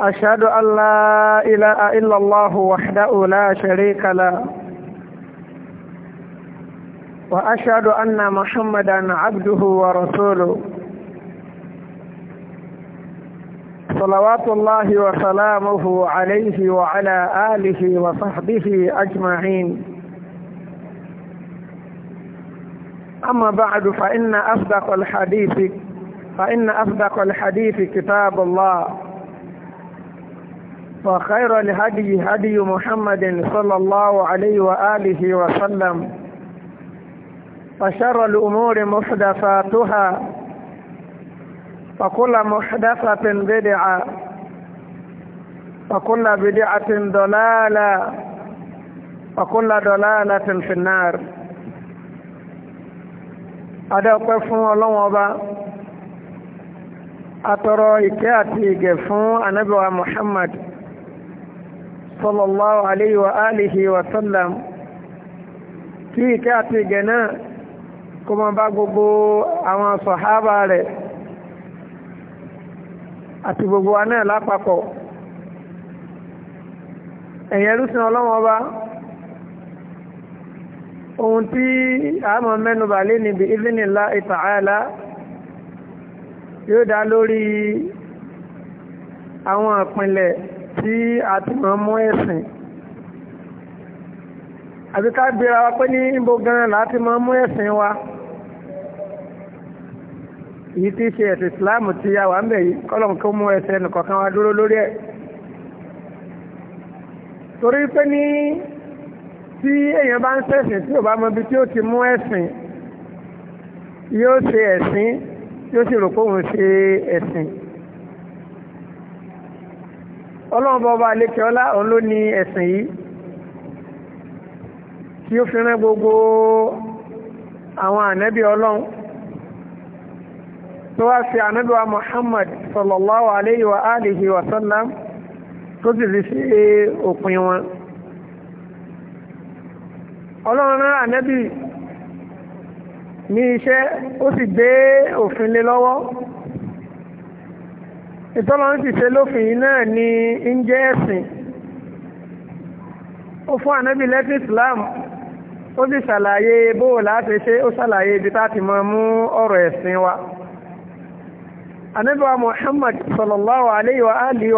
أشهد أن لا إله إلا الله وحده لا شريك له وأشهد أن محمدا عبده ورسوله صلوات الله وسلامه عليه وعلى آله وصحبه أجمعين أما بعد فإن أصدق الحديث فإن أصدق الحديث كتاب الله وخير الهدي هدي محمد صلى الله عليه وآله وسلم فشر الأمور محدثاتها فكل محدثة بدعة فكل بدعة دلالة فكل دلالة في النار أدعوكم الله وبركاته أترى إكاتي فون أنبوى محمد sallallahu alayhi wa alihi wa sallam kí ìkẹ́ àti ìgẹ̀ náà kó máa bá gbogbo àwọn sọ̀hábà rẹ̀ àti gbogbo wa náà lápapọ̀ ẹ̀yẹn rúsìn ọlọ́wọ́n ọba ohun tí àmọ́ mẹ́nubà lé níbi ìfínilá ìtààlá yóò dá lórí àwọn ìpínlẹ̀ tí a ti mọ̀ mú ẹ̀sìn àbí ká gbéra wa pé ní ibo gan láti mọ̀ mú ẹ̀sìn wa èyí tí í ṣe ẹ̀sìn ìsìláàmù ti yà wá ń bẹ̀ yìí kọ́lọ̀n kó mú ẹnìkọ̀ọ̀kan wa dúró lórí ẹ̀ torí pé ní tí èèyàn bá ń ṣẹ̀sìn tí ò bá mọ ibi tí ó ti mú ẹ̀sìn yóò ṣe ẹ̀sìn yóò sì rò pé òun ṣe ẹ̀sìn ọlọ́run bọba àlékè ọlá òun ló ní ẹ̀sìn yìí tí ó fi rán gbogbo àwọn ànábì ọlọ́run tó wá sí ànábì wa Muhammad sallallahu alayhi wa alihi wa sallam tó sì fi ṣe òpin wọn ọlọ́run rán ànábì ní iṣẹ́ ó sì gbé òfin lé lọ́wọ́ ìtọ́lọ́run ti ṣe lófin náà ní ìjẹ́ ẹ̀sìn ó fún ànábì lẹ́tí Islam ó sì ṣàlàyé bóò láti ṣe ó ṣàlàyé ibi táti mọ mú ọ̀rọ̀ ẹ̀sìn wa ànábì wa Muhammad sallallahu alayhi wa alihi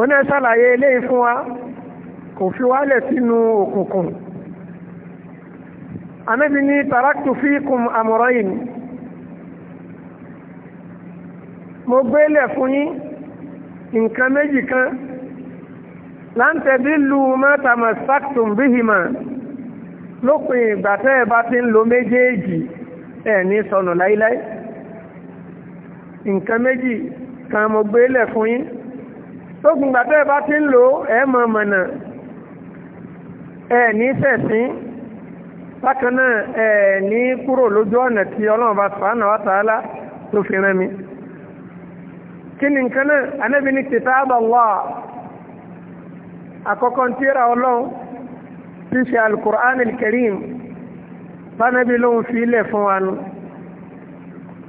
ó ní ṣàlàyé eléyìí fún wa kò fi wálẹ̀ sínú òkùnkùn ànábì ní taraktu fikum amrayn mo gbélẹ̀ fún yín nǹkan méjì kan láǹtẹ̀bí lu mọ́tàmọ̀ sactum bíhìmọ̀ lópin ìgbà tẹ́ ẹ bá ti ń lo méjèèjì ẹ̀ ní sọnù láíláí nǹkan méjì kan mo gbélẹ̀ fún yín lópin ìgbà tẹ́ ẹ bá ti ń lo ẹ̀ mọ̀ mọ̀nà ẹ̀ ní sẹ̀sìn bákan náà ẹ̀ ní kúrò lójú ọ̀nà tí ọlọ́run bá sàánà wá tààlà tó fi rán mi kí ni nǹkan náà anábì ní kitab Allah àkọ́kọ́ tírà ọlọ́run tí ṣe al-Qur'an al-Karim bánábì lóhun fi ilẹ̀ fún wa nù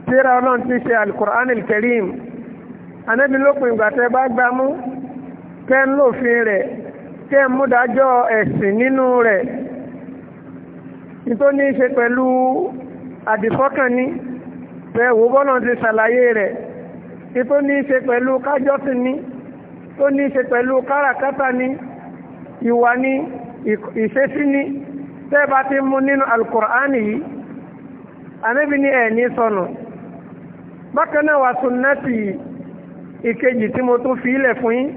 tírà ọlọ́run tí ṣe al-Qur'an al-Karim anábì lópin ìgbà tẹ́ bá gbámú kẹ́ ń lòfin rẹ̀ kẹ́ ń múdájọ́ ẹ̀sìn nínú rẹ̀ nítorí ní í ṣe pẹ̀lú àdìfọ́kànní pẹ̀ ti ṣàlàyé rẹ̀ kí tó ní í ṣe pẹ̀lú kájọ́sìn ni tó ní ṣe pẹ̀lú káràkátà ni ìwà ni ìṣesí ni tẹ́ bá ti mú nínú alukur'ani yìí anábì ní ẹ̀ ní sọnù bákan náà wà sunnati ìkejì tí mo tún fi ilẹ̀ fún yín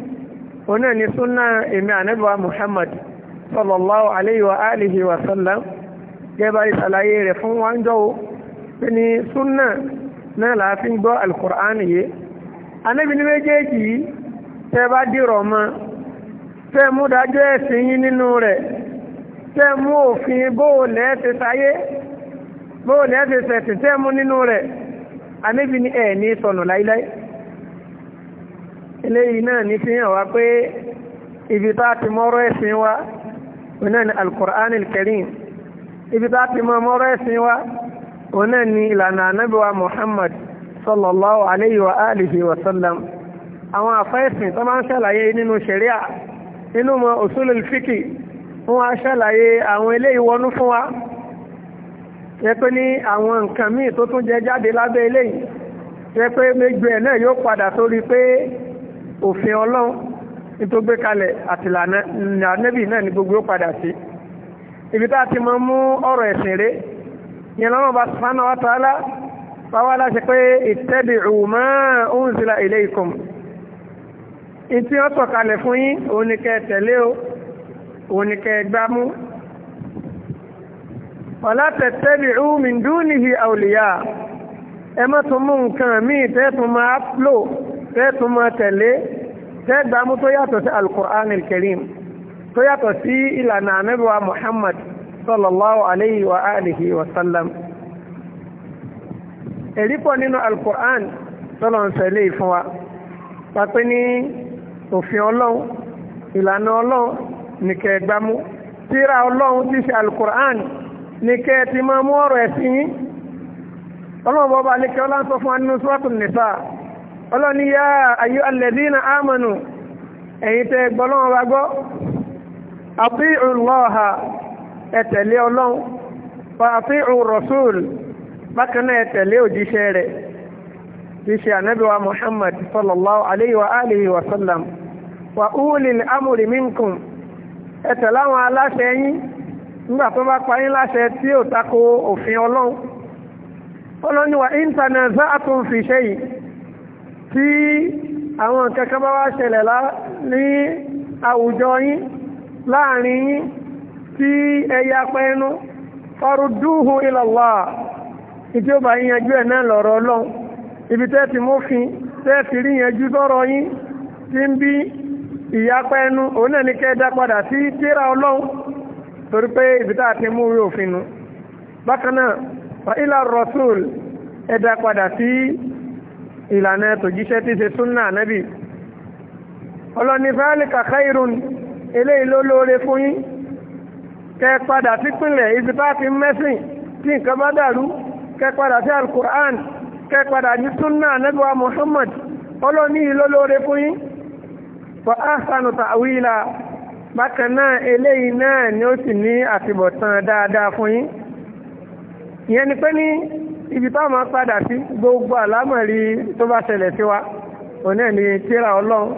òun náà ni èmi anábì wa muhammad sallallahu alayhi wa alihi wa sallam gẹ́gẹ́ bá ìṣàlàyé rẹ̀ fún wáńjọ́ pé ní sunna náà láàfin gbọ́ alkùránì yé anábì ní méjèèjì yìí tẹ́ bá dìrọ̀ mọ́ tẹ́ mú dájọ́ ẹ̀sìn yín nínú rẹ̀ tẹ́ mú òfin bóòlẹ́ ti sáyé bóòlẹ́ ti sẹ̀sìn tẹ́ mú nínú rẹ̀ anábì ní ẹ̀ ní sọnù láíláí eléyìí náà ní fi hàn wá pé ibi tá a ti mọ́rọ́ ẹ̀sìn wa òun náà ní ibi tá a ti mọ́rọ́ ẹ̀sìn wa òun náà ni ìlànà anábíwá Muhammad sallallahu alayhi wa alihi wa sallam àwọn àfẹ́sìn tó máa ń ṣàlàyé nínú ṣẹ̀ríà nínú mọ usulul fiqi fún wa ṣàlàyé àwọn eléyìí wọnú fún wa yẹ pé ní àwọn nǹkan míì tó tún jẹ jáde lábẹ́ eléyìí yẹ pé méjì ibi tá ti mọ mú ọ̀rọ̀ ẹ̀sìn rèé yẹn lọ́nà bá sánà wá tààlà báwa láṣẹ pé ittabi'u ma unzila ilaykum ìtí wọ́n sọ̀kalẹ̀ fún yín òun ni kẹ́ tẹ̀lé o òun ni kẹ́ gbá mú wala tattabi'u min nǹkan míì tẹ́ tún lò tẹ́ tún tẹ̀lé tẹ́ gbá tó yàtọ̀ sí al-Qur'an tó yàtọ̀ sí ìlànà ànábì Muhammad sallallahu alayhi wa alihi wa sallam èrí pọ̀ nínú alkur'an tọ́lọ̀ ń sẹ̀lé ìfún wa pàpẹ́ ní òfin ọlọ́run ìlànà ọlọ́run ní kẹgbámú tírà ọlọ́run ti ṣe alkur'an ní kẹ ti máa mú ọ̀rọ̀ ẹ̀sìn yín ọlọ́run bọ́ba ní kẹ ọlọ́run sọ fún wa nínú suratul nisa ọlọ́run ní yá ayu alladhina amanu ẹ̀yin tẹ gbọ́lọ́run wa gbọ́ àbí ìlọ́ha ẹ tẹ̀lé ọlọ́run fàáfí rasul bákan náà ẹ tẹ̀lé òjíṣẹ́ rẹ̀ tí ṣe ànábìwá muhammad sallallahu alayhi wa alihi wa sallam wa ulil amri minkum ẹ tẹ̀lé àwọn aláṣẹ yín nígbà tó bá pa yín láṣẹ tí ò tako òfin ọlọ́run ọlọ́ni láàrin yín tí ẹ̀yà pẹ́ẹ́nú farudúhu ila Allah ìtí ó bá yíyanjú ẹ̀ náà lọ̀rọ̀ ọlọ́run ibi tẹ́ ti mófin tẹ́ ti rí yanjú yín tí ń bí ìyapa ẹnu òun náà ní kẹ́ẹ́dá padà sí ibi tá a ti mú orí òfin nu bákan náà wà ilà padà sí ìlànà tí ṣe ọlọ́ni fẹ́ẹ́lì eléyìí kẹ padà sípìnlẹ̀ ibi bá fi mẹ́sìn tí nǹkan bá dàrú kẹ padà sí alukur'an kẹ padà ní sunna anabiwa muhammad ọlọ́ní yìí lólóore fún yín fa ahsanu ta'wila bákan náà eléyìí náà ni ó sì ní àtibọ̀tán dáadáa fún yín ìyẹn ni pé ní ibi táwọn máa padà sí gbogbo àlámọ̀rí tó bá ṣẹlẹ̀ sí wa òní ẹni tíra ọlọ́run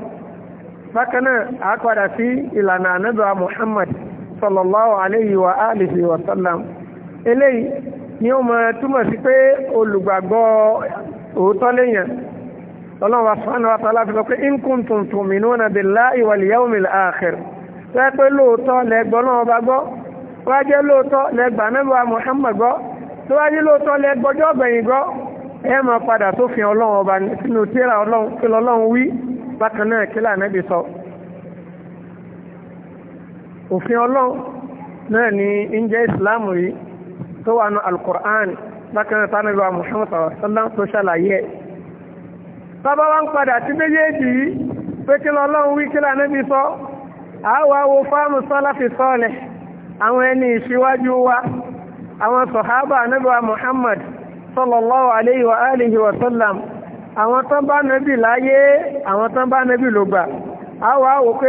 bákan náà àá padà sí ìlànà ànábẹ́wà muhammad sallallahu alayhi wa alihi wa sallam eléyìí ni ó mọ túmọ̀ sí pé olùgbàgbọ́ òótọ́ léèyàn ọlọ́run wa sọ́nà wa tọ́lá fi sọ pé in kuntum tu'minuna billahi wal yawmil akhir tẹ́ pé lóòótọ́ lẹ́gbọ́ náà bá gbọ́ wá jẹ́ lóòótọ́ lẹ́gbà mẹ́bàá Muhammad gbọ́ tó wá jẹ́ lóòótọ́ lẹ́gbọ́jọ́ ọ̀bẹ̀yìn gbọ́ ẹ máa padà sófin ọlọ́run ọba sínú tíra ọlọ́run kí lọ́lọ́run wí bákan náà kí lànà bí sọ òfin ọlọ́run náà ni ń jẹ́ ìsìláàmù yìí tó wà ní alukur'an bákan náà tánà lọ́wọ́ muhammad sallam tó ṣàlàyé ẹ̀. bàbá wa ń padà sí méjèèjì yìí pé kí lọ́lọ́run wí kí lànà bí sọ àwa wo fáàmù àwọn ẹni ìṣíwájú wa àwọn sọ̀hábà anábíwa muhammad sallallahu alayhi wa sallam àwọn tán bá nábì láyé àwọn tán bá nábì lògbà àwa wò pé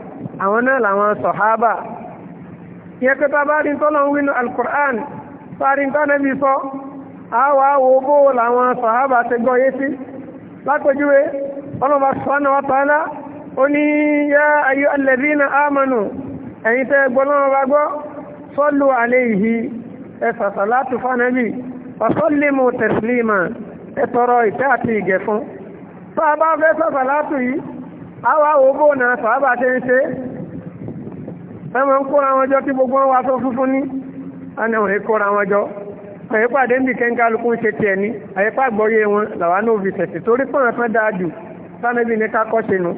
àwọn náà làwọn sọ̀hábà yẹ pé tá bá rí tọ́lọ̀ ń wínú alukur'an tá rí tánàbí sọ àwọ̀ àwọ̀ bó làwọn sọ̀hábà ti gbọ́ yé sí lápẹjúwe ọlọ́ba sọ́nà wa tààlà ó ní yá ayé alladhina amanu ẹ̀yin tẹ́ gbọ́ lọ́wọ́ bá gbọ́ sallu alayhi ẹ̀sà sàlátù fánàbí ń ṣe ẹmọ ń kóra wọn jọ tí gbogbo wọn wá sọ funfun ní ẹni òun kóra wọn jọ àyípàdé ń bì kẹ́ńkálukú ń ṣe tiẹ̀ ní àyípàgbọ́yé wọn làwa náà fi tẹ̀sí torí pọ̀ nǹkan dáa jù sánẹ́bí ní ká kọ́ṣe nu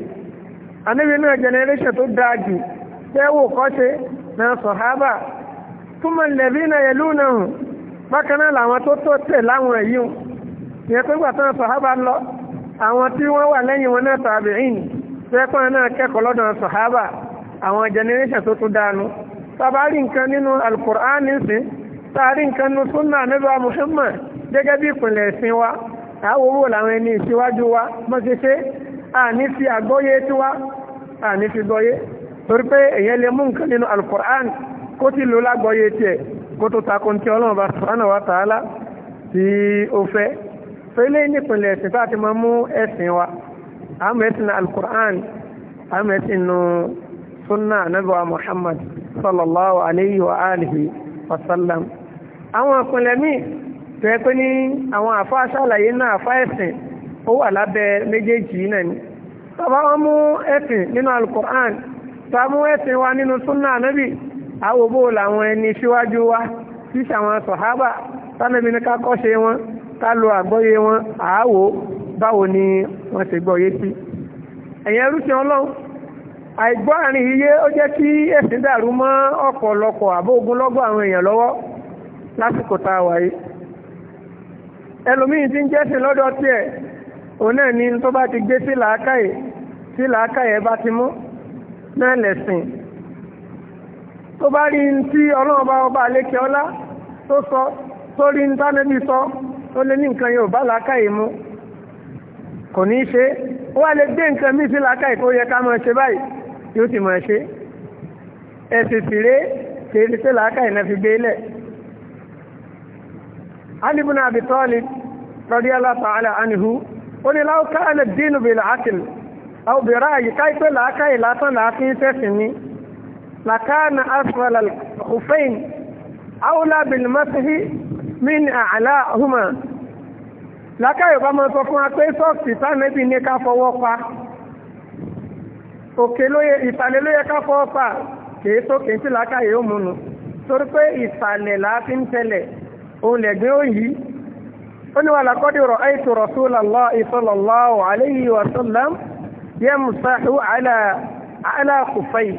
ànẹ́bí náà generation tó dáa jù tẹ́wò kọ́ṣe náà sọ̀hábà túmọ̀ lẹ́bí náà yẹlú náà hàn bákan náà làwọn tó tó tẹ̀ láwọn èyí hàn ìyẹn pé gbàtàn sọ̀hábà lọ àwọn tí àwọn generation tó tún dánú tàbárí nǹkan nínú alukur'an nísìn tàbí nǹkan nínú súnà nígbà Muhammad gẹ́gẹ́ bí ìpìnlẹ̀ ìsìn wa àwọn owó làwọn ẹni ìṣíwájú wa mọ́ ṣe ṣe àní fi àgbọ́yé tí wá àní fi gbọ́yé torí pé èyàn lè mú nǹkan nínú alukur'an kó ti lò lágbọ́yé tiẹ̀ kó tó takò tí ọlọ́run bá subhanahu wa ta'ala tí ó fẹ́ fẹ́lẹ́ nípìnlẹ̀ ẹ̀sìn tá a ti máa mú ẹ̀sìn wa àmọ́ ẹ̀sìn alukur'an àmọ́ ẹ̀sìn nù. No Sunna anábíwá Muhammad sallallahu alaihi wa alihi wa sallam àwọn ìpínlẹ̀ míì tó yẹ pé ní àwọn àfa ṣàlàyé náà àfa ẹ̀sìn ó wà lábẹ́ wọn mú ẹ̀sìn nínú alukur'an tọ́ba mú ẹ̀sìn wa nínú súnà anábì àwòbó eni wa síṣà àwọn sọ̀hábà tánàbí ní ká kọ́ṣe wọn ká lo àgbọ́yé wọn àáwò ni ẹ̀yẹn àìgbọ́ àrin iye ó jẹ́ kí ẹ̀sìn dàrú mọ́ ọ̀pọ̀lọpọ̀ àbógunlọ́gọ̀ àwọn èèyàn lọ́wọ́ lásìkò tá a ti ń jẹ́sìn lọ́dọ̀ tiẹ̀ òun náà ni tó bá ti gbé sí làákàyè tí làákàyè bá ti mú náà lẹ̀sìn tó bá rí tí ọlọ́run ọba àlékè ọlá tó sọ tó rí sọ tó lé ní nǹkan yóò bá làákàyè mu kò ní í ṣe ó wá lè gbé tí ó ti mọ̀ ṣe ẹ̀sì fìré kèèrè tí làákà ìná fi gbé lẹ̀ alìbùn àbí tọ́ọ̀lì radiyallahu ta'ala anhu ó ní láwùká ẹ̀lẹ̀ dínú bí làákìl àwòbẹ̀rẹ̀ àyíká ìpé làákà ìlàtàn sọ fún wa pé sọ́ọ̀sì ní ká fọwọ́ pa òkè lóye ìsàlẹ̀ lóye ká fọ́ pa kìí sókè tí làákàyè ó múnu torí pé ìsàlẹ̀ làá fi ń tẹ̀lẹ̀ òun lẹ̀gbẹ́ ó yí ó ní wàhálà kọ́ dìrọ̀ àìsù Rasulullahi sallallahu alayhi wa sallam yamsahu ala ala kùfẹ́yì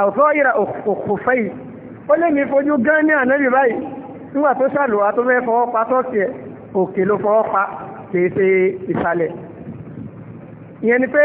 àwùjọ ìrà òkùfẹ́yì ó lè mi fojú gán ní ànábì báyìí nígbà tó ṣàlùwà tó fọwọ́ pa tọ́sí òkè ló fọwọ́ pa kìí ṣe ìsàlẹ̀ ìyẹn ni pé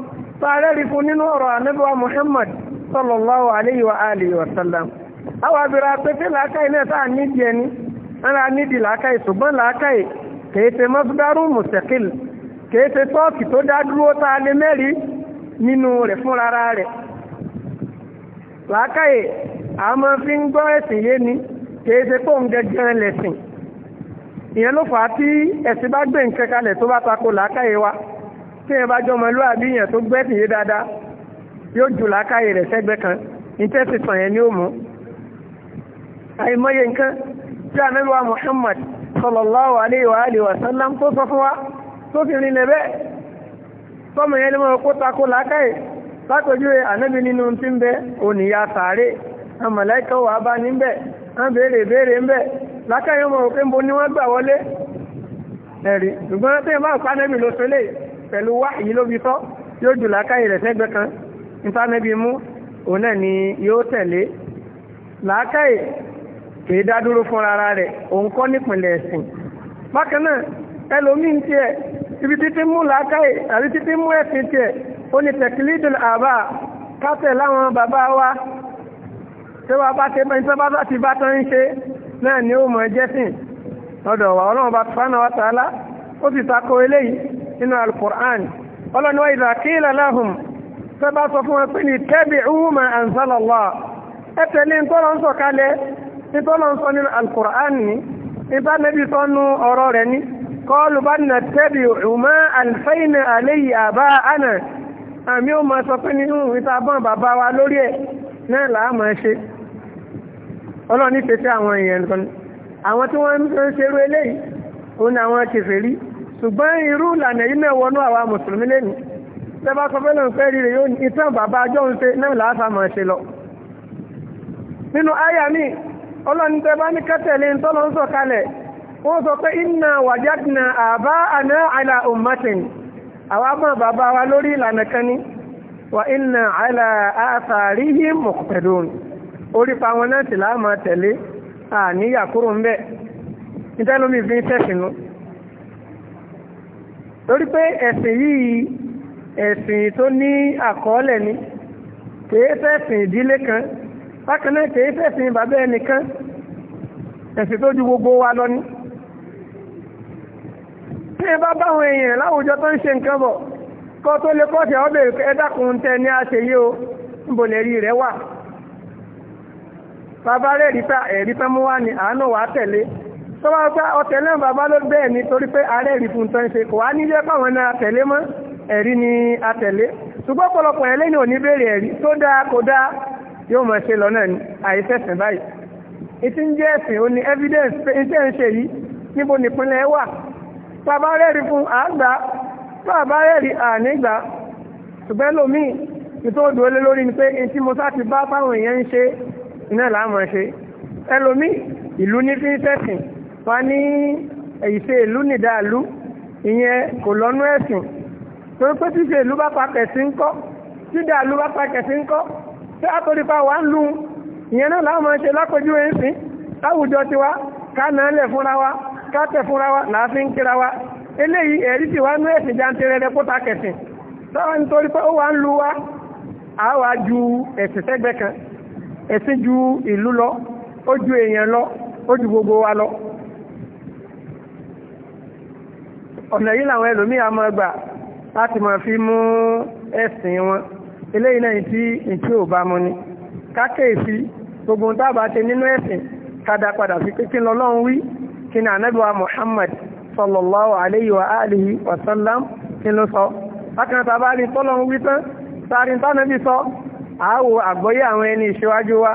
sáré rí fún nínú ọ̀rọ̀ anábíwá Muhammad sallallahu alayhi wa alihi wa sallam àwọn abìrà pẹ́tẹ́ làákàyè náà tá à nídìí ẹni ara nídìí làákàyè ṣùgbọ́n làákàyè kèé ṣe masdaru mustaqil kèé ṣe tọ́ọ̀kì tó dá dúró tá a lè mẹ́rin nínú rẹ̀ fúnra rẹ̀ làákàyè àmọ́ fi ń gbọ́ ẹ̀sìn yé ni kèé ṣe pòun gẹ́gẹ́ lẹ̀sìn ìyẹn ló fà á tí ẹ̀sìn bá gbé nǹkan kalẹ̀ tó bá tako làákàyè wa tí ẹ bá jọ ọmọlúwàbí yẹn tó gbẹ́sìn yé dáadáa yóò jù lákàyè rẹ̀ sẹ́gbẹ́ kan ìtẹ́sìtàn yẹn ni ó mú àìmọye nǹkan tí ànábì Muhammad sallallahu alayhi wa alihi wa sallam tó sọ fún wa tó fi rìn lẹ́bẹ́ tọ́mọ yẹn lè mọ̀ kó takó lákàyè látọ̀júwe ànábì nínú tí ń bẹ òníyà sàárè àmàlẹ́kọ̀ wà bá ní bẹ̀ wọ́n béèrè béèrè ń bẹ̀ lákàyè mọ̀ òkè ń bo ni wọ́n gbà wọlé ẹ̀rí ṣùgbọ́n tí wọ́n bá pa ànábì lọ sílẹ̀ pẹ̀lú wáyìí ló fi sọ yóò jù làákàyè rẹ̀ sẹ́gbẹ́ kan nípa mú òun náà ni yóò tẹ̀lé làákàyè kìí dádúró fún ara rẹ̀ òun kọ́ nípìnlẹ̀ ẹ̀sìn bákan náà ẹlòmíín tiẹ̀ ibi títí mú làákàyè àbí títí mú ẹ̀sìn tiẹ̀ ó ní tẹ̀kílídìl àbá kátẹ̀ láwọn bàbá wa tí wọ́n bá ṣe bẹ́ẹ̀ bá bá ti bá tán ń ṣe náà ni ó mọ̀ jẹ́sìn lọ́dọ̀ wa ọlọ́run bá nínú alukur'an ọlọ́niwá ìdàkílà láhùn tó bá sọ fún wọn pé ní tẹ́bì ọmọ àǹsálọ́lá ẹ tẹ̀lé ntọ́lọ́ ń sọ kalẹ̀ ntọ́lọ́ ń sọ nínú alukur'an ni ibà nẹ́bí sọ ọ̀rọ̀ rẹ̀ ni kọ́ọ̀lù bá nà tẹ́bì ọmọ àlfẹ́yìn àléyìí òun ni àwọn kèfèrí ṣùgbọ́n irú ìlànà yìí náà wọnú àwa mùsùlùmí lẹ́nu tẹ́bá sọ fẹ́ lọ́nà fẹ́ rí rẹ̀ yóò ní ìtàn bàbá ajọ́ ń ṣe náà láàfà máa ṣe lọ nínú àyà mi ọlọ́ni tẹ́bá ní kẹ́tẹ̀lé ń tọ́lọ́ ń sọ kalẹ̀ wọ́n sọ pé inna wajadna aba'ana ala ummatin àwa mọ̀ bàbá wa lórí ìlànà kan ní wa inna ala atharihim muqtadun orí pa wọn náà sì láàmà tẹ̀lé àníyàkúrò ń bẹ́ẹ̀ ìtẹ́lómi fi ń tẹ̀sínú torí pé ẹ̀sìn yìí ẹ̀sìn tó ní àkọọ́lẹ̀ ni kìí fẹ́sìn ìdílé kan bákan náà kìí fẹ́sìn bàbá ẹnìkan ẹ̀sìn tó ju gbogbo wa lọ ni tí bá báwọn èèyàn láwùjọ tó ń ṣe nǹkan bọ̀ kọ́ tó lè kọ́sẹ̀ tẹ o bàbá rẹ̀ rí mú wá àánú tẹ̀lé tó bá pẹ́ ọ̀tẹ̀ náà bàbá ló bẹ́ẹ̀ ni torí pé ààrẹ rí fún tán ṣe kò wá nílé pàwọn náà tẹ̀lé mọ́ ẹ̀rí ni a tẹ̀lé ṣùgbọ́n ọ̀pọ̀lọpọ̀ ẹ̀lẹ́ ni ò ní béèrè ẹ̀rí tó dáa kò dáa yóò mọ̀ ṣe lọ́nà ni àìsẹ̀sìn báyìí ìtí ń jẹ́ ẹ̀sìn ó ní evidence pé iṣẹ́ ń ṣe yìí níbo nìpínlẹ̀ wà bàbá rẹ́rí fún àgbà bàbá rẹ́rí ànígbà ṣùgbọ́n lómi ìtò òdò olé lórí ni pé etí mo sá ti bá fáwọn èèyàn ń ṣe iná làá mọ̀ ṣe ẹlòmí ìlú ní fi ń sẹ̀sìn wọ́n ní ìṣe ìlú nìdàlú ìyẹn kò lọ́nú ẹ̀sìn torí pé tíṣe ìlú bá pa kẹ̀sí ńkọ́ tídàlú bá pa kẹ̀sí ńkọ́ tí a torí pa wà ń lù ìyẹn náà wa ká tẹ̀ fúnra wa na fi ń kíra wa eléyìí ẹ̀rí ti wá ní ẹ̀sìn jantere rẹ̀ kó ta kẹ̀sìn sáwọn nítorí pé wa a wá ju ẹ̀sìn sẹ́gbẹ́ kan ẹ̀sìn ju ìlú lọ ó ju gbogbo wa ọ̀nà yìí làwọn ẹlòmíà máa gbà láti máa fi mú ẹ̀sìn wọn eléyìí náà tí ìtí ò bá mu ni kákèéfì gbogbo ohun tábà ṣe nínú ẹ̀sìn kádà padà sí pé kí ni ọlọ́run wí kí ni ànábìwá Muhammad sallallahu alayhi wa alihi wa sallam kí ló sọ bákan tá a bá rí tọ́lọ́run wí tán sáré tánàbí sọ àáwò àgbọ́yé àwọn ẹni ìṣíwájú wa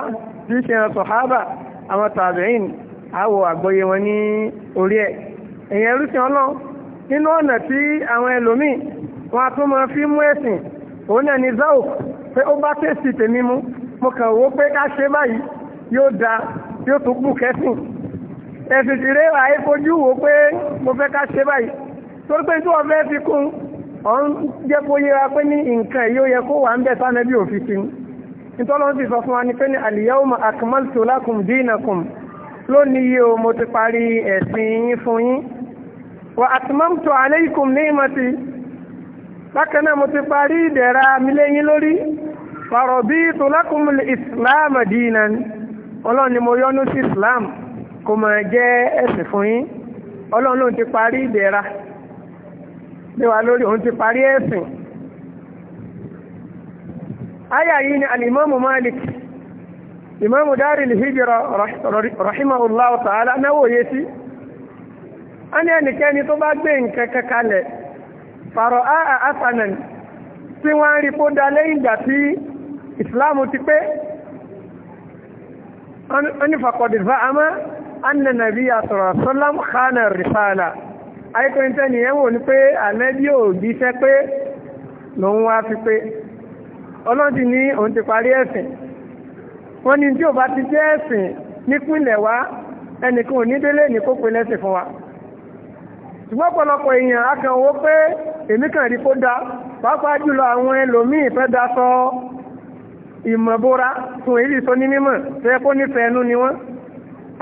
bí ṣe hàn sọ̀hábà àwọn tàbíìn àáwò àgbọ́yé wọn ní orí ẹ̀ èèyàn rúṣin ọlọ́run nínú ọ̀nà tí àwọn ẹlòmíì wọn a tún máa fi mú ẹ̀sìn òun náà ni zauk pé ó bá tẹ̀sì tèmi mú mo kàn wó pé ká ṣe báyìí yóò da yóò tún kù kẹ́sìn ẹ̀sìn ti rẹ́wà ẹ fojú wò pé mo fẹ́ ká ṣe báyìí torí pé tí wọ́n fẹ́ fi kún ọ̀n jẹ́ kó yẹra pé ní nǹkan yìí ó yẹ kó wà ń bẹ̀ sáná bí òfin ti nítọ́lọ́ ti sọ fún wa ni pé ní al-yawma akmaltu lakum dinakum lónìí yìí o mo ti parí ẹ̀sìn yín fún yín wa atmamtu alaykum ni'mati bákan náà mo ti parí ìdẹ̀ra mi léyìn lórí wa raditu lakum al-islam dinan ọlọ́run ni mo yọ́nú sí islam kó máa jẹ́ ẹ̀sìn fún yín ọlọ́run ló ti parí ìdẹ̀ra lé wa lórí òun ti parí ẹ̀sìn aya yìí ni alimamu malik imamu dari lihijira rahimahullahu ta'ala náwó yé wọ́n ní ẹnikẹ́ni tó bá gbé nǹkan kankanlẹ̀ fàrọ̀ áà asanan tí wọ́n ń rí kó dá lẹ́yìn ìgbà tí ìsìláàmù ti pé wọ́n ní fàkọ̀dì fa'amá anna nabiya sọ̀rọ̀ sọ́lám khana rifala ayíkọ́ntẹ́ ni ẹ̀wọ̀n ni pé ànábì ò gbíṣẹ́ pé lòun wá fi pé ọlọ́dì ní òun ti parí ò ẹnìkan ò ní délé ní kó pe lẹ́sìn fún wa ṣùgbọ́n ọ̀pọ̀lọpọ̀ èèyàn akànwó pé èmi kàn rí kó da pàápàá jùlọ àwọn ẹlòmíì fẹ́ da sọ ìmọ̀bóra tún èyí sọ ní mímọ̀ tó yẹ kó nífẹ̀ẹ́ ẹnu ni wọ́n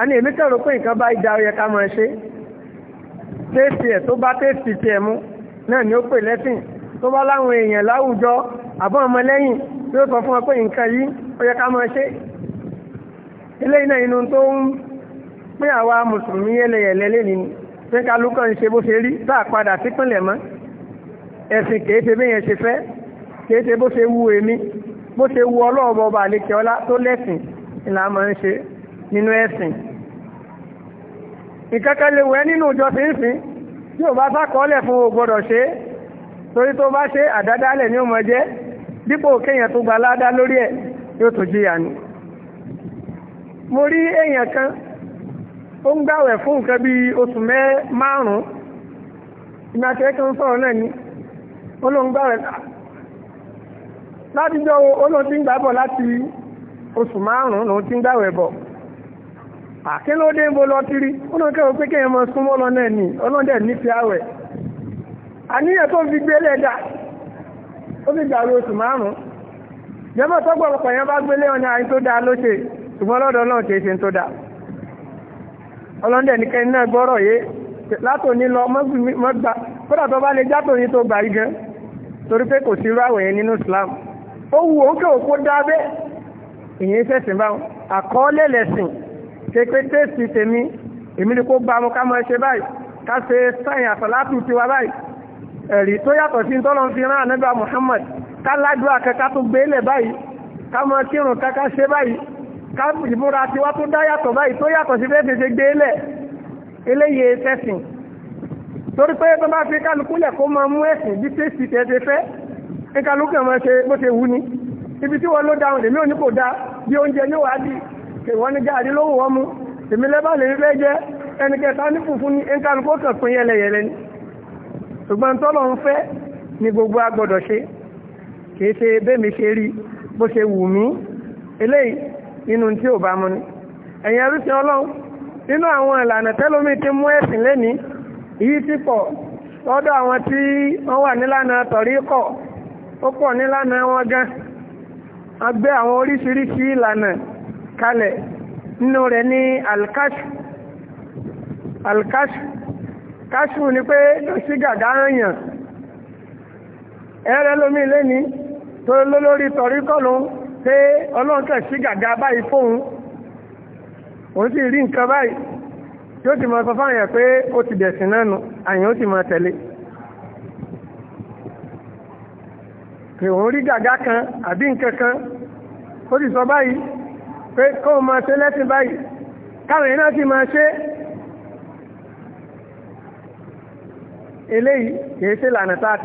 a ní èmi kàn rò pé nǹkan bá ìdá ọyẹ ká máa ṣe téèsì ẹ̀ tó bá téèsì tiẹ̀ mú náà ni ó pè lẹ́sìn tó bá láwọn èèyàn láwùjọ àbọ̀ ọmọ lẹ́yìn tí ó sọ fún ọ pé nǹkan yìí ó yẹ ká máa ṣe eléyìí náà inú tó ń pín àwa mùsùlùmí yẹlẹyẹlẹ lẹ́ni ni pé kálukọ́ ń ṣe bó ṣe rí tá a padà sípínlẹ̀ mọ́ ẹ̀sìn kìí ṣe bí yẹn ṣe fẹ́ kìí ṣe bó ṣe wu èmi bó ṣe wu ọlọ́ọ̀bọ̀ ọba àlekè ọlá tó lẹ́sìn ìlà máa ń ṣe nínú ẹ̀sìn. ìkẹ́kẹ́ lè wẹ́ nínú ìjọ sí ń sìn tí ò bá sákọọ́lẹ̀ fún o gbọ́dọ̀ ṣe é torí tó bá ṣe àdádálẹ̀ ní ọmọ jẹ́ dípò kéèyàn mo rí èèyàn kan ó ń gbàwẹ̀ fún nǹkan bí oṣù mẹ́ márùn-ún ìgbà tí ẹkùn sọ̀rọ̀ náà ni ó ló ń látijọ́ ti ń gbàbọ̀ láti oṣù márùn-ún ti ń gbàwẹ̀ bọ̀ àkínlódé ń bo lọ kiri ó ló ń kẹ́wọ́ pé kéèyàn mọ súnmọ́ lọ náà ni ọlọ́dẹ̀ àwẹ̀ àníyàn tó fi ó fi oṣù márùn-ún jẹ́mọ̀ tọ́gbọ̀ ọ̀pọ̀ yẹn bá gbélé ọ̀nà dáa ló ṣe ṣùgbọ́n lọ́dọ̀ ọlọ́ndẹ̀ ní kẹ́ni náà gbọ́rọ̀ yé látòní lọ mọ́gbà kódà tó bá lè játòní tó gbà yí gan torí pé kò sí irú àwẹ̀ yẹn nínú Islam ó wù ó kí òkú dábẹ́ ìyẹn sẹ̀sìn báwọn àkọọ́lẹ̀ lẹ̀sìn képe tẹ́sì tèmi èmi ni kó bá mu ká mọ ṣe báyìí ká ṣe sáyìn àfọlátù tiwa báyìí ẹ̀rí tó yàtọ̀ sí tọ́lọ́ fi rán ànábà Muhammad ká ládùú àkẹ́ká tó gbélé báyìí ká mọ kírun ká ṣe báyìí ká ìmúra tiwa tó dá yàtọ̀ báyìí tó yàtọ̀ sí bẹ́ẹ̀ ṣe gbé lẹ̀ eléyè tẹ̀sìn torí pé tó bá fi kálukú lẹ̀ kó máa mú ẹ̀sìn bí tẹ̀sì tẹ̀sẹ̀ fẹ́ ní kálukú máa ṣe bó ṣe wù ní ibi tí wọ́n ló dáhùn lèmi ò ní kò dá bí oúnjẹ níwádìí kèwọ́n ní gàrí lóhùn wọn mú èmi lẹ́bà lè fẹ́ jẹ́ ẹni kẹta ní fùfú ní ẹnkálukú kan yẹlẹyẹlẹ ni ṣùgbọ́n tọ́lọ̀ ń fẹ́ ni gbogbo agbọ́dọ̀ ṣe kìí ṣe bẹ́ẹ̀ mi ṣe rí bó ṣe wù mí eléyìí nínú tí ò bá mu ni ẹ̀yin ẹrúsìn ọlọ́run nínú àwọn ìlànà tẹ́lómi ti mú ẹ̀sìn lẹ́ni èyí ti pọ̀ lọ́dọ̀ àwọn tí wọ́n wà nílànà tọ̀rí kọ̀ ó pọ̀ nílànà wọn gan a gbé àwọn oríṣiríṣi ìlànà kalẹ̀ nínú rẹ̀ ní alkashu alkashu kashu ni pé sí gàgá èèyàn ẹ̀rẹ́ lómi lẹ́ni tó lólórí tọ̀rí kọ̀ lóhun pé ọlọ́run kàn sí gàgà báyìí fóun òun sì rí nǹkan báyìí tí ó ti sọ fáwọn pé ó ti dẹ̀sìn náà àyàn ó ti mọ tẹ̀lé pé òun rí kan àbí nǹkan kan ó sọ báyìí pé kóun máa ṣe lẹ́sìn báyìí káwọn yẹn náà ma máa ṣe eléyìí kìí ṣe lànà tá a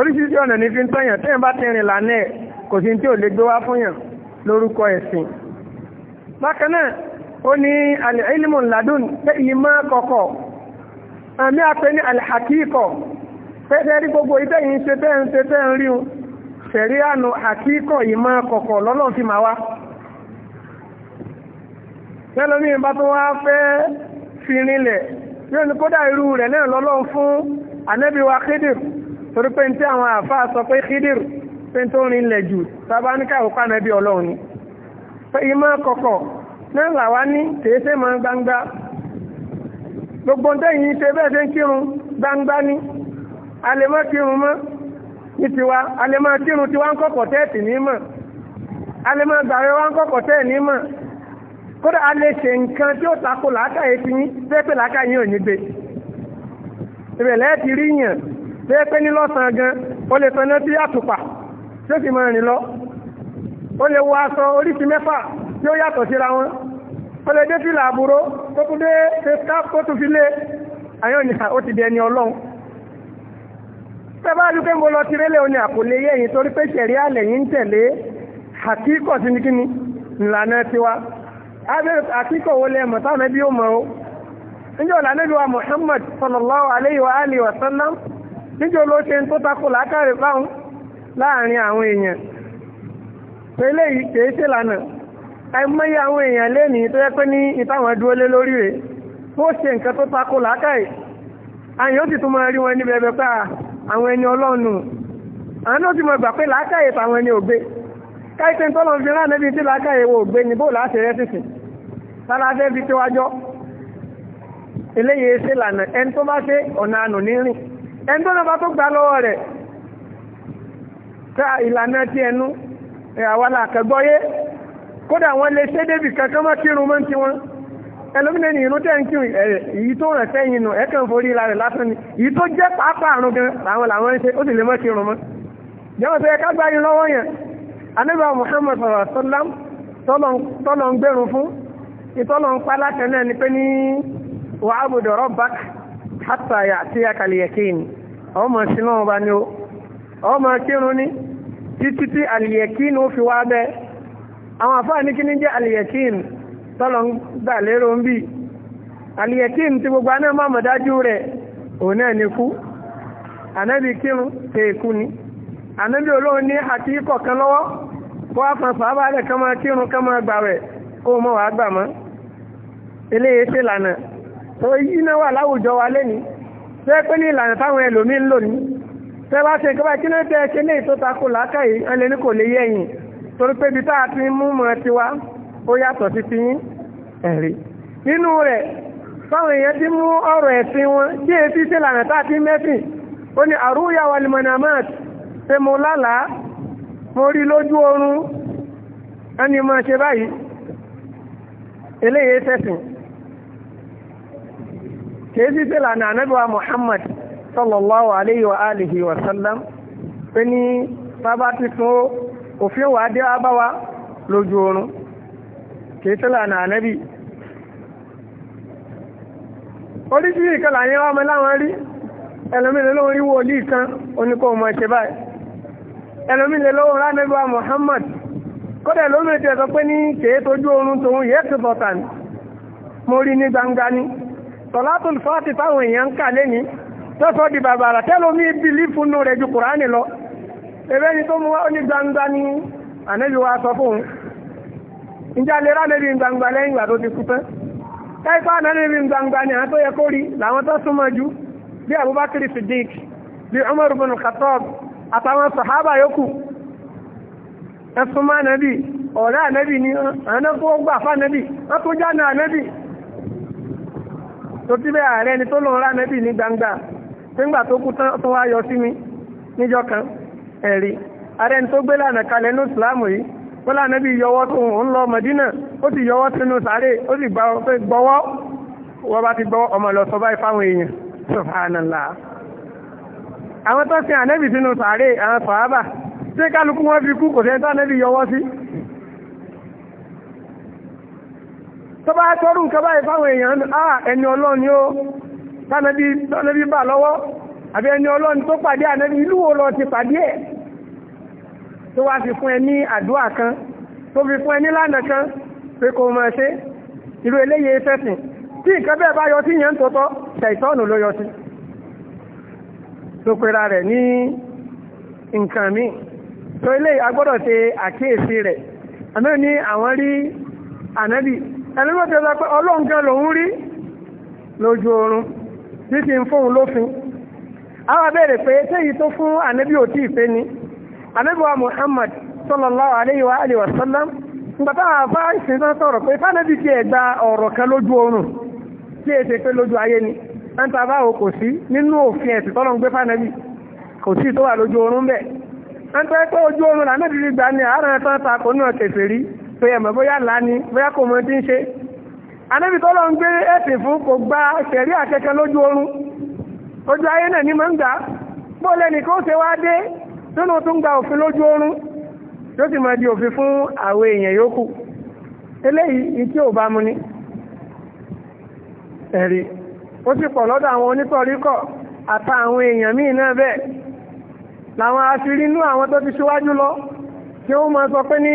oríṣiríṣi ọ̀nà ní fi ń tọ́yàn tẹ́yàn bá ti rìn lánàá ẹ̀ kò sí tí ò lè gbé wá fún yàn lórúkọ ẹ̀sìn bákan náà ó ní alìlímù ladùn pé ìmọ̀ kọ̀kọ̀ àmì àpẹ ní alìhàkíkọ̀ pé tẹ́rí gbogbo ìtẹ́yìn ṣe tẹ́ ń ṣe tẹ́ ń rí un ṣẹ̀rí àánú àkíkọ̀ ìmọ̀ kọ̀kọ̀ lọ́lọ́run fi máa wá tẹ́lọ́mí bá tó wá fẹ́ fi rinlẹ̀ yóò ní kódà irú rẹ̀ náà lọ́lọ́run fún ànábì wa Khidir torí pé tí àwọn àfáà sọ pé Khidir pé tó rìn lẹ̀ jù sábà ní káwọ́ ebi ọlọ́run ni pé ìmọ̀ kọ̀kọ̀ náà làwa ní gbogbo tẹ́yìn ṣe bẹ́ẹ̀ ṣe ń kírun gbangba ni a kírun mọ́ ní tiwa a kírun tiwa ń kọ̀kọ̀ tẹ́ẹ̀tì ní mọ̀ wa ń kọ̀kọ̀ tẹ́ẹ̀ ní mọ̀ kódà a lè ṣe nǹkan tí ó takò ti yín pépè làákàyè ò ní gbé tó yẹ pé ní lọ́sàn o ó lè taná sí àtùpà tí ó lọ ó lè wọ aṣọ oríṣi mẹ́fà tí ó yàtọ̀ síra wọn ó lè dé fìlà àbúrò tó tún dé tún fi lé àyàn ó ti di ẹni ọlọ́run tẹ́bá mo lọ torí pé ṣẹ̀rí ń tẹ̀lé àkíkọ̀ sí kíni ìlànà tiwa àkíkọ̀ wo lẹ mọ̀ wa Muhammad sallallahu alayhi wa níjẹ́ olóṣe tó takò lákàrẹ fáwọn láàrin àwọn èèyàn pẹ̀lẹ́ yìí kìí ṣe lànà àìmọye àwọn èèyàn lẹ́nìí tó yẹ pé ní ìtàwọn dúró lé lórí rẹ̀ ó ṣe nǹkan tó takò ó sì tún máa rí wọn níbi ẹbẹ pé àwọn ẹni ọlọ́nu àwọn náà ti mọ̀ gbà pé ẹni ògbé káìsẹ́ tó lọ́n fi rán níbi tí wo ògbé bó láti rẹ́ eléyìí ṣe lànà ẹni tó bá ṣe ọ̀nà ẹni náà bá tó gbà lọ́wọ́ rẹ̀ ká ìlànà ti ẹnu àwọn àkẹgbọ́yé kódà wọ́n lè débì kankan mọ́ mọ́ ti wọn ẹlòmínà ní irun tẹ́ ń èyí tó rẹ̀ sẹ́yìn nù forí la lásán ni èyí tó jẹ́ pàápàá àrùn gan làwọn làwọn ń ṣe ó sì lè mọ́ kírun mọ́ jẹ́wọ́n tó yẹ ká gbá yín lọ́wọ́ yẹn anábà Muhammad sọ̀rọ̀ tọ́lọ̀ ń fún ìtọ́lọ̀ ń pa látẹ̀ náà ni pé ní wàá bùdọ̀ rọ́bàkì hátà yà tí a kàlẹ̀ yẹ̀kín ọmọ sínú ọba ni ó ọmọ kírun ní títí tí àlìyẹ̀kín ó fi wá bẹ́ àwọn àfáà ní kí ní jẹ́ àlìyẹ̀kín tọ́lọ ń gbà lérò ń bì àlìyẹ̀kín tí gbogbo aná má mọ̀ dájú rẹ̀ òun náà ní kú ànábì kírun tẹ ni ànábì olóhùn ní àti ikọ̀ kan lọ́wọ́ kó wá fọn fàábà rẹ̀ kán máa kírun kán máa gbà rẹ̀ kó mọ̀ wá gbà mọ́ eléyìí tó iná wà láwùjọ wa lẹ́ni tẹ́ pé ní ìlànà táwọn ẹlòmí ń lò ní tẹ́ bá ṣe kọ́bá kí ló tẹ́ ṣe lè tó takò lákàyè ẹlẹ́ ní kò lè yé ẹ̀yìn torí pé ibi tá a ti mú mọ́ ti wá ó yàtọ̀ sí ti yín ẹ̀rí nínú rẹ̀ táwọn èèyàn ti mú ọ̀rọ̀ ẹ̀sìn wọn tí èsì ṣe lànà tá ti mẹ́sìn ó ní àrúyà wàlìmọ̀nàmọ́t ṣe mo lálàá mo rí lójú oorun ẹni mọ́ ṣe báyìí eléyìí ṣẹ̀sìn kìí sí sí lànà anábíwá Muhammad sallallahu alayhi wa alihi wa sallam pé ní bábá ti tún òfin wà dé wá bá wa lójú oorun kìí sí lànà anábí oríṣiríṣi kan làyẹn wá mọ láwọn rí ẹlòmílẹ̀ lóhun rí wòlíì kan oníkó ọmọ ẹ̀ṣẹ̀ báyìí ẹlòmílẹ̀ lóhun ránẹ́bíwá Muhammad kódẹ̀ tọ́látùl fàtì táwọn èèyàn ń kà lẹ́ni tó sọ di bàbàrà tẹ́lómi bìlífù nù rẹ̀ ju kùránì lọ ẹ̀rẹ́ ni tó mú wá ní gbangba ní ànábì wa sọ fún un ǹjẹ́ alẹ́ ránẹ́bí gbangba lẹ́yìn ìgbà tó ti kú tán káìpá ànábì gbangba ni àwọn tó yẹ kó rí làwọn tó súnmọ́ ju bí Abubakar Siddiq bí Umar bin Khattab àtàwọn sàhábà yòókù ẹ súnmọ́ ànábì ọ̀rẹ́ ànábì ni àwọn tó gbà fún ànábì wọ́n tó jáde ànábì tó tí bẹ́ẹ̀ ààrẹ ni tó lòun rà nẹ́bì ní gbangba nígbà tó kú tó wá yọ sí mi níjọ́ kan ẹ̀rí ààrẹ ni tó gbé lànà kalẹ̀ ní ìsìláàmù yìí ó lànà yọwọ́ tó ń lọ Mẹdínà ó ti yọwọ́ sínú sàárè ó sì gbọ́wọ́ wọ́n bá ti gbọ́wọ́ ọmọ lọ sọ báyìí fáwọn èèyàn subhanallah àwọn tó sin ànẹ́bì sínú sàárè àwọn sàábà tí kálukú wọn fi kú kò sẹ́ńtà tó bá tọ́rù nǹkan báyìí fáwọn èèyàn ah ẹni ọlọ́run ni ó tánàbí bà lọ́wọ́ àbí ẹni ọlọ́run tó pàdé ànábì ìlú wo lọ ti pàdé ẹ̀ tó wá fi fún ẹ ní àdúrà kan tó fi fún ẹ ní lánà kan pé kò mọ̀ ṣe irú eléyìí fẹ́sìn tí nǹkan bẹ́ẹ̀ bá yọ sí yẹn ń tọ́tọ́ ṣàìtọ́nù ló yọ sí tó pera rẹ̀ ní nǹkan míì tó eléyìí a ṣe àkíyèsí rẹ̀ àmọ́ ní àwọn rí ànábì ẹlẹ́gbẹ́ tó lọ́pẹ́ ọlọ́ǹgẹ́ lòun rí lójú oorun tí ti ń fóun lófin àwọn abẹ́rẹ̀ pé téyí tó fún ànábì òtí ìpé ni ànábì wa Muhammad sallallahu alayhi wa alihi wa sallam ngbàtà àbá ìsìn tán sọ̀rọ̀ pé fánàbí ti ẹ̀gbà ọ̀rọ̀ kan lójú oorun tí è ṣe pé lójú ayé ni ń ta báwo kò sí nínú òfin ẹ̀sìn tọ́lọ́ ń gbé fánàbí kò sí tó wà lójú oorun bẹ́ẹ̀ ń tọ́ pé ojú oorun làmẹ́bí gbà ní àárọ̀ ẹ̀ tán ta kò náà kẹfẹ́ rí pé ẹ̀mọ̀ bóyá láni bóyá kò mọ̀ tí ń ṣe anábì tó lọ ń gbé ẹ̀sìn fún kò gba ṣẹ̀rí àkẹ́kẹ́ lójú oorun ojú ayé náà ní mọ́ ń gbà bó lẹ́nì kó ṣe wá dé nínú tó ń gba òfin lójú oorun tó sì máa di òfin fún àwọn èèyàn yòókù eléyìí tí ò bá mu ní ẹ̀rí ó sì pọ̀ lọ́dọ̀ àwọn onítọ̀ríkọ̀ àtàwọn èèyàn míì náà bẹ́ẹ̀ làwọn aṣírí àwọn tó ti ṣíwájú lọ tí ó máa sọ pé ní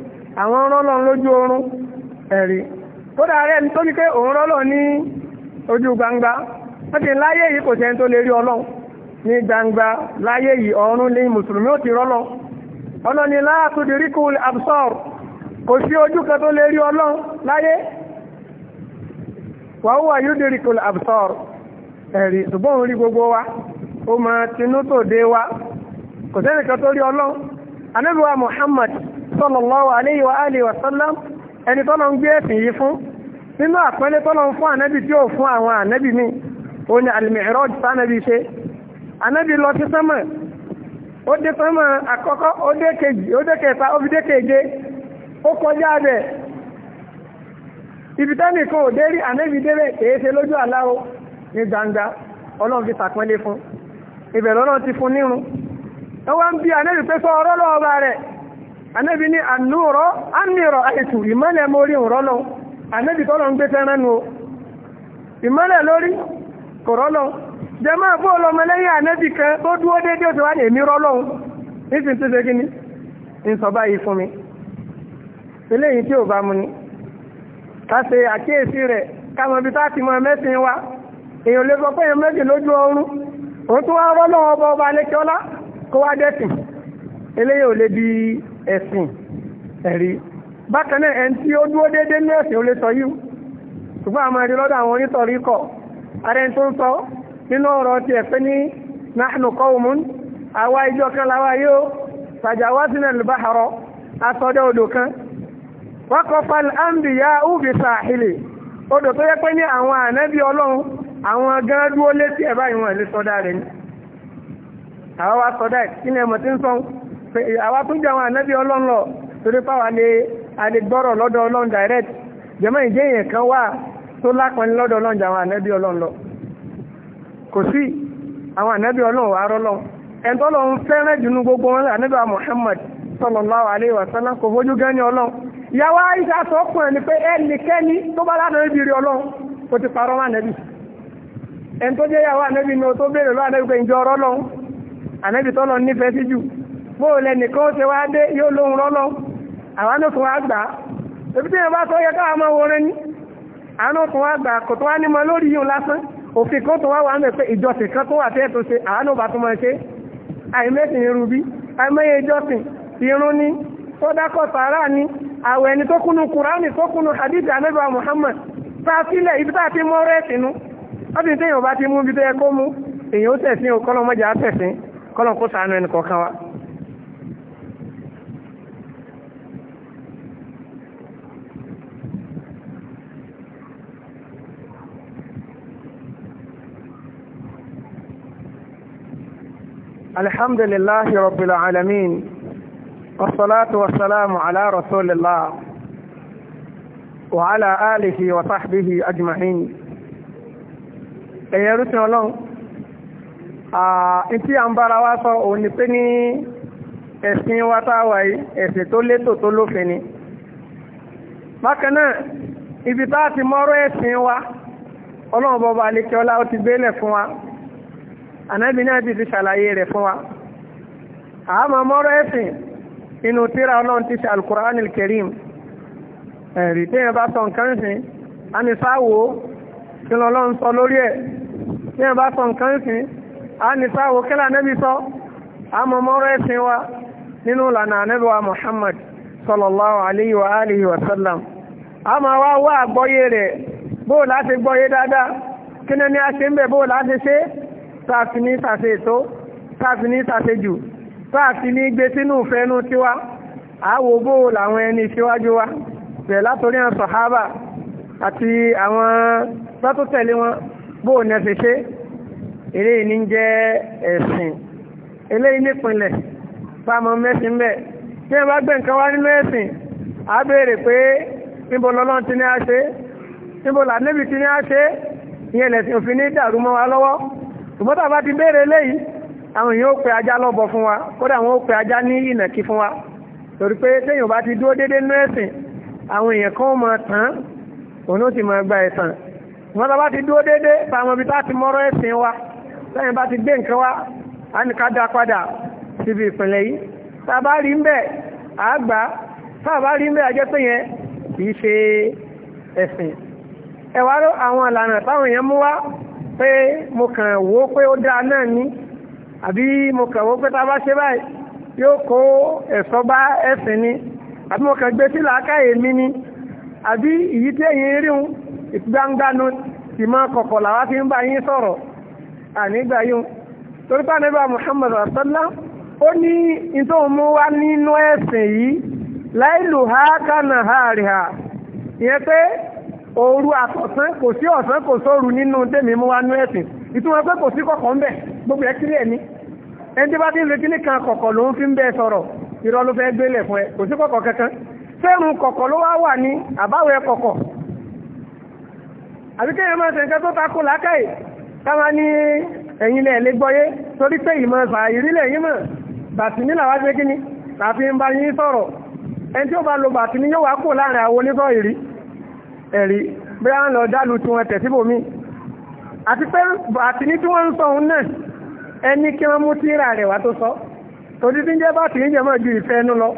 àwọn rọ́lọ́ lójú oorun ẹ̀rí tó dáadẹ́ ní tó ní pé òun rọ́lọ́ ní ojú gbangba wọ́n ti láyé yìí kò sẹ́ni tó lè rí ọlọ́ ní gbangba láyé yìí ọ̀run lè mùsùlùmí ó ti rọ́lọ́ ọlọ́ ni láàtúndì kò sí ojú kan tó lè rí láyé wàhùwà ẹ̀rí ṣùgbọ́n gbogbo sallallahu alayhi wa alihi wa sallam ẹni tọ́lọ ń gbé ẹ̀sìn yìí fún nínú àpẹẹlẹ tọ́lọ ń fún ànábì tí ó fún àwọn ànábì mi ó ní al-mi'raj tánàbì ṣe ànábì lọ sí sánmà ó dé sánmà àkọ́kọ́ ó dé kejì ó dé kẹta ó fi dé keje ó kọjá abẹ ibi tẹ́nì kan ò dé rí ànábì débẹ̀ kèé ṣe lójú aláwo ní gbangba ọlọ́run fi tàpẹ́lẹ́ fún ìbẹ̀rẹ̀ ọlọ́run ti fún nírun ó bí ànábì pé sọ ọ̀rọ̀ lọ́wọ́ bá rẹ̀ anábì ní ànúrọ̀ ánìrọ̀ àìsù ìmọ́lẹ̀ mórí ìrọ́lọ́ anábì tọ́lọ ń gbé fẹ́ránú o ìmọ́lẹ̀ lórí kò rọ́lọ́ jẹmọ́ fóòlọ mẹ́lẹ́yìn anábì kan tó dúó dédé tó wá èmi rọ́lọ́ nítorí tó ṣe kí ni ń sọ báyìí fún mi eléyìí tí ò bá mu wa èèyàn lè sọ wá rọ́lọ́ ọba ọba alẹ́kẹ́ọ́lá kó wá dẹ́sìn eléyìí ò lè di ẹ̀sìn ẹ̀rí bákan náà ẹni tí ó dúró déédéé ní ẹ̀sìn ó lè sọ yìí ṣùgbọ́n àmọ́ ẹ̀rí lọ́dọ̀ àwọn onítọ̀rí kọ̀ ààrẹ tó ń sọ nínú ọ̀rọ̀ ti ẹ̀pẹ́ ní nahnu qawmun àwa ìjọ kan láwa yóò tajawazna al-bahra asọ́dẹ́ odò kan waqafa al-anbiya'u bi sahili odò tó yẹ pé ní àwọn ànábì ọlọ́run àwọn gan dúró létí ẹ̀ báyìí wọn lè sọdá rẹ̀ ni àwa wa sọdá ẹ̀ kí ni ẹ̀mọ̀ tí ń sọ́hún àwa tó jẹ́ àwọn ànábì ọlọ́run lọ torí pàwà lè àlegbọ́rọ̀ lọ́dọ̀ ọlọ́run direct jẹ́mọ́ ìjẹ́ èèyàn kan wà tó lápọ̀ni lọ́dọ̀ ọlọ́run jẹ́ àwọn ànábì ọlọ́run lọ kò sí àwọn ànábì ọlọ́run wà rọ́lọ́ ẹni jù bóò lẹ́nìkan ṣe wá dé yóò lóhun rọ́lọ́ àwọn ló tún wá gbà á ebi tí yẹn bá sọ yẹ káwọn máa wọrin ní àwọn ló tún wá gbà kò tó wá ní mọ lórí yìí lásán òfin kan tó wá wà ń bẹ̀ ìjọsìn kan tó wà tẹ́ tó ṣe àwọn bá tún Muhammad sáfílẹ̀ ibi tá a ti mọ́ rẹ́ẹ̀sì nú ọdún tí èèyàn bá ti mú ibi tó yẹ kó mú èèyàn ó tẹ̀sìn o kọ́lọ́ mọ́jà á tẹ̀sìn wa الحمد لله رب العالمين والصلاة والسلام على رسول الله وعلى آله وصحبه أجمعين ẹ̀yẹ̀rú tí ọlọ́run àti à ń bára wá sọ òun ni pé ní ẹ̀sìn wa táwà yìí ẹ̀sìn tó létò tó lófin ni bákan ibi tá ti mọ́rọ̀ ẹ̀sìn wa ọlọ́run bọba alẹ́kẹ́ ó ti gbélẹ̀ fún wa ànábì náà ti fi ṣàlàyé rẹ̀ fún wa àmọ́ mọ́rọ̀ ẹ̀sìn inú tíra ọlọ́run ti ṣe alukur'anil kerim ẹ̀rí tí yẹn bá sọ nǹkan sìn àní sáwò kí lọ́lọ́run sọ lórí ẹ̀ tí yẹn bá sọ nǹkan sìn àní sáwò kí lànàbì sọ àmọ́ mọ́rọ̀ ẹ̀sìn wa nínú ìlànà ànábì wa Muhammad sallallahu alayhi wa alihi wa sallam àmọ́ wa wá àgbọ́yé rẹ̀ bóò láti gbọ́yé dáadáa kí sáàfi ní sàṣe ètò sáàfi ní sàṣe jù sáàfi ní gbé sínú ìfẹ́nú tiwa àwò bóò làwọn ẹni síwájú wa bẹ̀ látòrí àwọn sọ̀hábà àti àwọn tọ́tò tẹ̀lé wọn bóò ní ẹsẹ̀ ṣe eléyìí ní jẹ́ ẹ̀sìn eléyìí nípìnlẹ̀ fáwọn mẹ́sìn bẹ́ẹ̀ tí wọ́n bá gbé nǹkan wá nínú ẹ̀sìn á béèrè pé níbo lọ́lọ́run ti ní á ṣe níbo làdínẹ́bì ti ní á ṣe ìyẹn lẹ̀sìn òfin ní dàrú mọ́ wa lọ́wọ́ ṣùgbọ́n bá ti béèrè léyìí àwọn èèyàn ó pe ajá lọ́bọ̀ fún wa kódà wọn ó pe ajá ní ìnàkí fún wa torí pé téèyàn bá ti dúró dédé nú ẹ̀sìn àwọn èèyàn kan tán òun ó sì gba ẹ̀sàn ti dúró ibi tá ti ẹ̀sìn wa lẹ́yìn bá ti wa á ní ká dá padà síbi yìí rí ń bẹ̀ rí ń bẹ̀ pé yẹn kì í ṣe ẹ̀sìn àwọn pé mo kàn wò pé ó dáa náà ní àbí mo kàn pé bá ṣe báyìí yóò kó ẹ̀sọ́ bá ẹ̀sìn ni àbí mo kàn gbé sí làákàyè mi ni àbí ìyí tí máa kọ̀kọ̀ làwa fi ń bá yín sọ̀rọ̀ ànígbà yìí láìlù ha kánà ha ha ìyẹn pé òru àtọ̀sán kò sí ọ̀sán kò sóru nínú tèmi mú wánú ẹ̀sìn ìtumọ̀ pé kò gbogbo ẹ̀ kílẹ̀ ẹni tí bá ti ń retí nìkan kọ̀kọ̀ ló ń fi ń bẹ́ sọ̀rọ̀ kankan fẹ́rùn kọ̀kọ̀ ló wá wà ní àbáwẹ̀ kọ̀kọ̀ àbí kéèyàn máa ní ẹ̀yin lẹ̀ lé gbọ́yé torí pé ìmọ̀ ìrílẹ̀ yín mọ̀ làwa ṣe kíni bá yín sọ̀rọ̀ lo yóò wá ẹ̀rí bí a ń lọ dálù tí wọ́n tẹ̀síbò mí àti pé bàtí ní tí wọ́n ń sọ òun náà ẹni kí wọ́n mú tíra rẹ̀ wá tó sọ torí tí ń jẹ́ bàtí ní jẹ́mọ̀ ju ìfẹ́ ẹnu lọ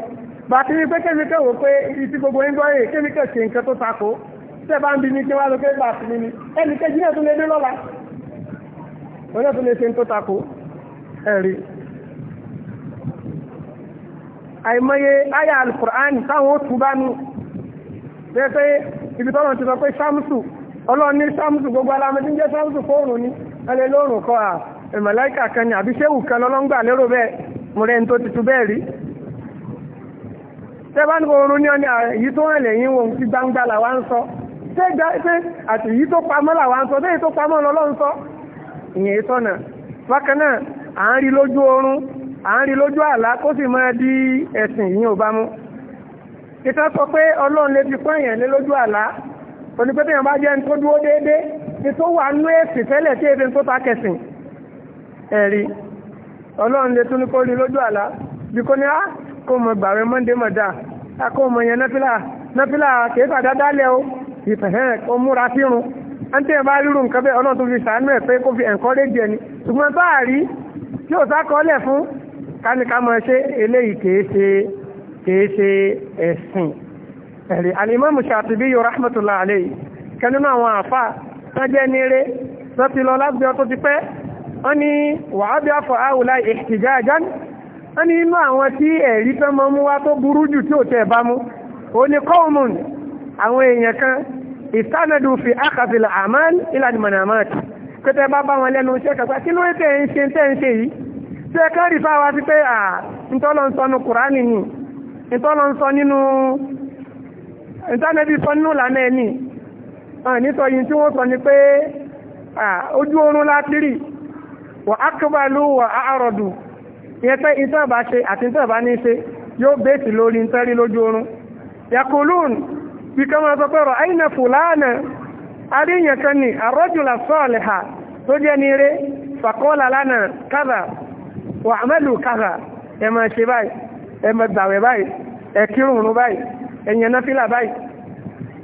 bàtí ní pé kẹ́míkẹ́ wò pé ìtì gbogbo ń gbọ́ yìí kẹ́míkẹ́ ṣe nǹkan tó takò tẹ́ bá ń bi ní kí wọ́n á lọ pé bàtí ní ni ẹnì kejì náà tún lè dé lọ́la wọ́n náà tún lè ṣe tó takò ẹ̀rí àìmọye àyà alukur'an táwọn ó tù bá nu pé ibi tọ́lọ̀ ti sọ pé sámsù ọlọ́run ní sámsù gbogbo alamẹ́tí ń jẹ́ sámsù fóònù ni ẹlẹ́ lóòrùn kọ́ à màláíkà kan ni àbí ṣéwù kan lọ́lọ́ngbà lérò bẹ́ẹ̀ mo rẹ̀ ń tó ti tu bẹ́ẹ̀ rí tẹ́bánú oorun ní ọ̀nà èyí tó hàn lẹ́yìn wo ti gbangba làwa ń sọ ṣé àti èyí tó pamọ́ làwa ń sọ bẹ́ẹ̀ tó pamọ́ lọ́lọ́run sọ ìyẹn sọ̀nà bákan náà à ń rí lójú oorun à ń rí lójú àlá kó sì máa di ẹ̀sìn ìyẹn ò bá mú ìta sọ pé ọlọ́run lè fi fún èèyàn lé lójú àlá òní pé téèyàn bá jẹ́ ní tó dúró déédéé ní tó wà nú èsì tẹ́lẹ̀ tí èdè tó ta kẹsìn ẹ̀rí ọlọ́run lè tún ní kó rí lójú àlá bí kò ní á kó mọ gbàwé mọ́ndé mọ̀dá á kó mọ yẹn nọ́fílà nọ́fílà kìí padà dálẹ̀ o ìfẹ̀hẹ́ kó múra sírun á ń tẹ́yìn bá rírù nǹkan bẹ́ẹ̀ ọlọ́run tó fi sàánú ẹ̀ pé kó fi ẹ̀ńkọ́rẹ́jì ẹni ṣùgbọ́n báà rí tí ò sá kọ́lẹ̀ fún káníkà ṣe eléyìí kìí ṣe kìí ṣe ẹ̀sìn ẹ̀rí alimami rahmatullah alayhi kẹ́nínú àwọn àfà tọ́jẹ́ nílé tó ti lọ láti ọtọ́ ti pẹ́ wọ́n ihtijajan wọ́n ní inú àwọn tí ẹ̀rí tó mọ́ mú wá tó burú jù tí ò tẹ̀ qawmun kan fi a'mal ila al-manamat kẹtẹ bá bá ti ìtọ́lọ ń sọ nínú ìtánẹ́bí sọ nínú ìlànà ẹni nítọ́ yìí tí wọ́n sọ ni pé ojú oorun látírì wà ákíbalú wà àárọ̀dù ìyẹn pé ìtọ́ọ̀bá ṣe àti ìtọ́ọ̀bá ní ṣe yóò bèèsì lórí ìtẹ́rí lójú oorun yakulun bí kọ́ máa sọ pé rọ̀ àyìnà fùlànà aríyàn kan ní àrọ́jùlá sọ́ọ̀lẹ̀ ha tó jẹ́ ní eré fàkọ́ọ̀lá lánàá kádà wà àmẹ́lù kádà ẹ̀ ṣe báyìí ẹ máa gbàwẹ̀ báyìí ẹ kírun òun báyìí ẹ yan náfìlà báyìí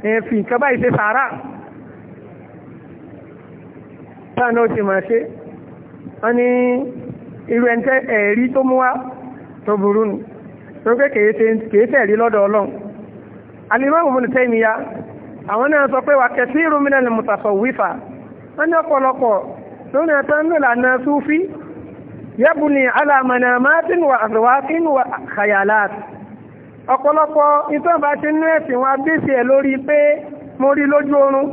ẹ fi nǹkan báyìí ṣe sàárà táwọn náà ti máa ṣe wọ́n ní irú ẹni tẹ́ ẹ̀rí tó mú wá tó burú nù tó pé kèé tẹ̀rí lọ́dọ̀ ọlọ́run alimọ́ọ̀mù mú tẹ́ ìmìyá àwọn náà sọ pé wà kẹsí irú mi náà ni mùtàfọ̀ wífà wọ́n ní ọ̀pọ̀lọpọ̀ lónìí ẹ̀tọ́ ń lò lànà súfí yẹ́bùnì alámanàmátìn wà àfẹ́wákín wà khayalat ọ̀pọ̀lọpọ̀ ìtọ́ba ti nú ẹ̀sìn wa bíṣì ẹ̀ lórí pé mo rí lójú oorun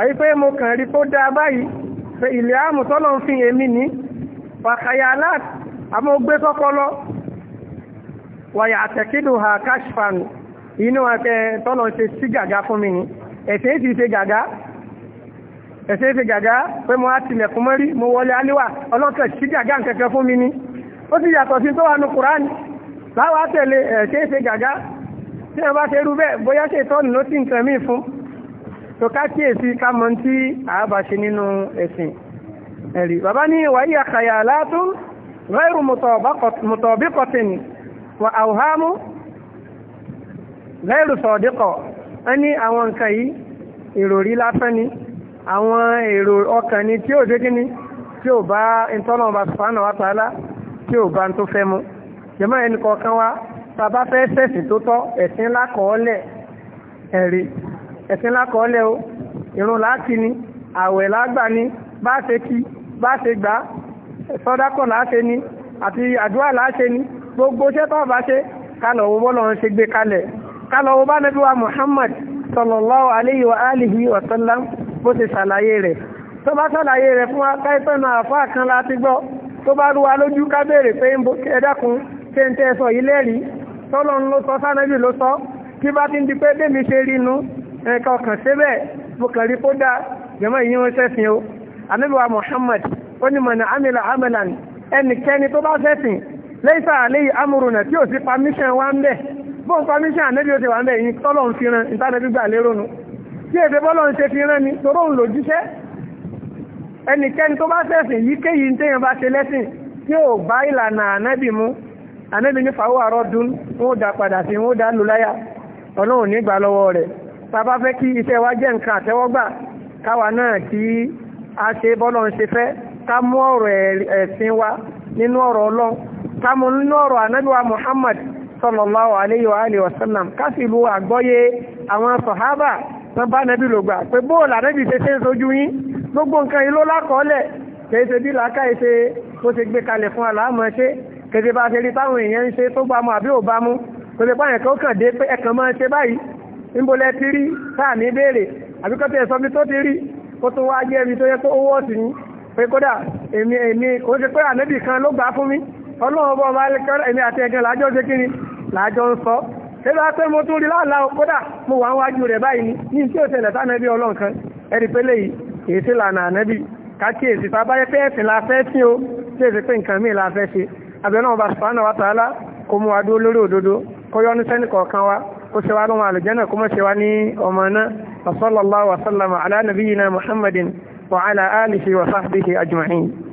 àyí pé mo kàn rí tó dáa báyìí pé ilẹ̀ àmù tọ́lọ̀ ń fi èmi ní wà khayalat àmọ́ gbé sọ́pọlọ wà yà àtẹ̀kídù ha kashfan inú àtẹ tọ́lọ̀ ṣe sí gàgá fún mi ní ẹ̀sìn ti gàgá ẹ̀sẹ̀ ṣe gàgá pé mo á tilẹ̀kùn mọ́rí mo wọlé aléwà ọlọ́kẹ̀ sí gàgá nkẹ̀kẹ́ fún mi ni ó ti yàtọ̀ sí tó wà ní kùránì láwa tẹ̀lé ẹ̀sẹ̀ ṣe gàgá tí wọ́n bá ṣe rú bẹ́ẹ̀ bóyá ṣe tọ́nù ló ti nǹkan míì fún tó ká kíyèsí ká mọ tí àábà ṣe nínú ẹ̀sìn ẹ̀rí bàbá ní wàyí àkàyà látún rẹ́rù mùtọ̀bíkọ̀tìn wà àwòhámú rẹ́rù sọ̀díkọ̀ ẹni àwọn nǹkan yìí ìròrí lásán ni àwọn èrò ọkàn ni tí ò dé kíní tí ò bá ìtọ́nà ọba sùpánà wa tààlà tí ò bá ń tó fẹ́ mu jẹ́mọ́ ẹnì kọ̀ọ̀kan wa bàbá fẹ́ sẹ̀sìn tó tọ́ ẹ̀sìn lákọ̀ọ́lẹ̀ ẹ̀rí ẹ̀sìn lákọ̀ọ́lẹ̀ o ìrun láti ni àwẹ̀ lágbà ni bá ṣe kí bá ṣe gbà sọ́dákọ̀ láṣe ni àti àdúrà láṣe ni gbogbo iṣẹ́ tó bá ṣe kálọ̀ owó bọ́lọ̀ ń ṣe gbé kalẹ̀ kálọ̀ owó bá nẹ́bí wa Muhammad sallallahu alayhi wa alihi wa sallam bó ti ṣàlàyé rẹ̀ tó bá ṣàlàyé rẹ̀ fún akáìtọ́nà àfáà kan láti gbọ́ tó bá rú wa lójú ká béèrè pé ẹ̀dákun ṣe ń tẹ́ sọ yìí lẹ́rìí tọ́lọ́ ń ló sọ sánábì ló sọ kí bá ti ń Muhammad ó ní mọ̀nà amílà amílàn ẹnikẹ́ni tó bá ṣẹ̀sìn lẹ́yìn àléyìn amúrùnà tí ò sí pamíṣàn wa ń bẹ̀ bóun pamíṣàn anábì ó ti wà ń bẹ̀ yìí tọ́lọ́ ń fi ran ìtànàbí gbà lérò tí èdè bọ́lọ̀ ń ṣe fi rán ni toró ń lò ẹnikẹ́ni tó bá ṣẹ̀sìn yìí kéyìí téèyàn bá ṣe lẹ́sìn tí ò bá ìlànà ànábì mú ànábì ní fàáwọ̀ àrọ́ dún wọ́n dà padà sí wọ́n dà lù láyà ọlọ́run wa jẹ́ nǹkan àtẹ́wọ́gbà káwa náà kí a ṣe bọ́lọ̀ ń ṣe fẹ́ ká mú ọ̀rọ̀ ẹ̀sìn wa nínú ọ̀rọ̀ ọlọ́run ká mú nínú ọ̀rọ̀ wa Muhammad tán bá nẹ́bí ló gbà pé bóòlù àdẹ́bí ṣe ṣe ń sojú yín gbogbo nǹkan yìí ló lákọọ́lẹ̀ kìí ṣe bí làákàyè ṣe bó ṣe gbé kalẹ̀ fún àlàámọ̀ ṣe kìí bá ṣe rí táwọn èèyàn ń ṣe tó bá mu àbí ò bá mu kò lè pààyàn kan kàn dé pé ẹ̀kan máa ṣe báyìí níbo lẹ ti rí sáà ní béèrè àbí kọ́ tẹ̀ sọ mi tó ti rí kó tó wáá jẹ́ mi tó yẹ kó owó ọ̀sìn ní pé kódà èmi èmi kò ṣe pé ànábì kan ló gbà fún mi ọlọ́run bọ́ ọmọ alẹ́kẹ́ àti ẹ̀gán làájọ́ ṣe kí ni làájọ́ ń sọ nígbà pé mo tún rí láàlá kódà mo wà wájú rẹ̀ báyìí ní tí ó ṣẹlẹ̀ sánẹ́bí ọlọ́nkan ẹ̀rí pélé yìí èyí sí lànà ànẹ́bí kákíyèsí tá a bá yẹ pé ẹ̀sìn la fẹ́ sí o tí èsì pé nǹkan míì la fẹ́ ṣe àbẹ̀ náà bá subhanahu wa ta'ala kó mú wa dúró lórí òdodo kó yọ́nú sẹ́ni kọ̀ọ̀kan wa kó ṣe wá lọ́mọ àlùjànnà kó mọ̀ ṣe wá ní ọmọ náà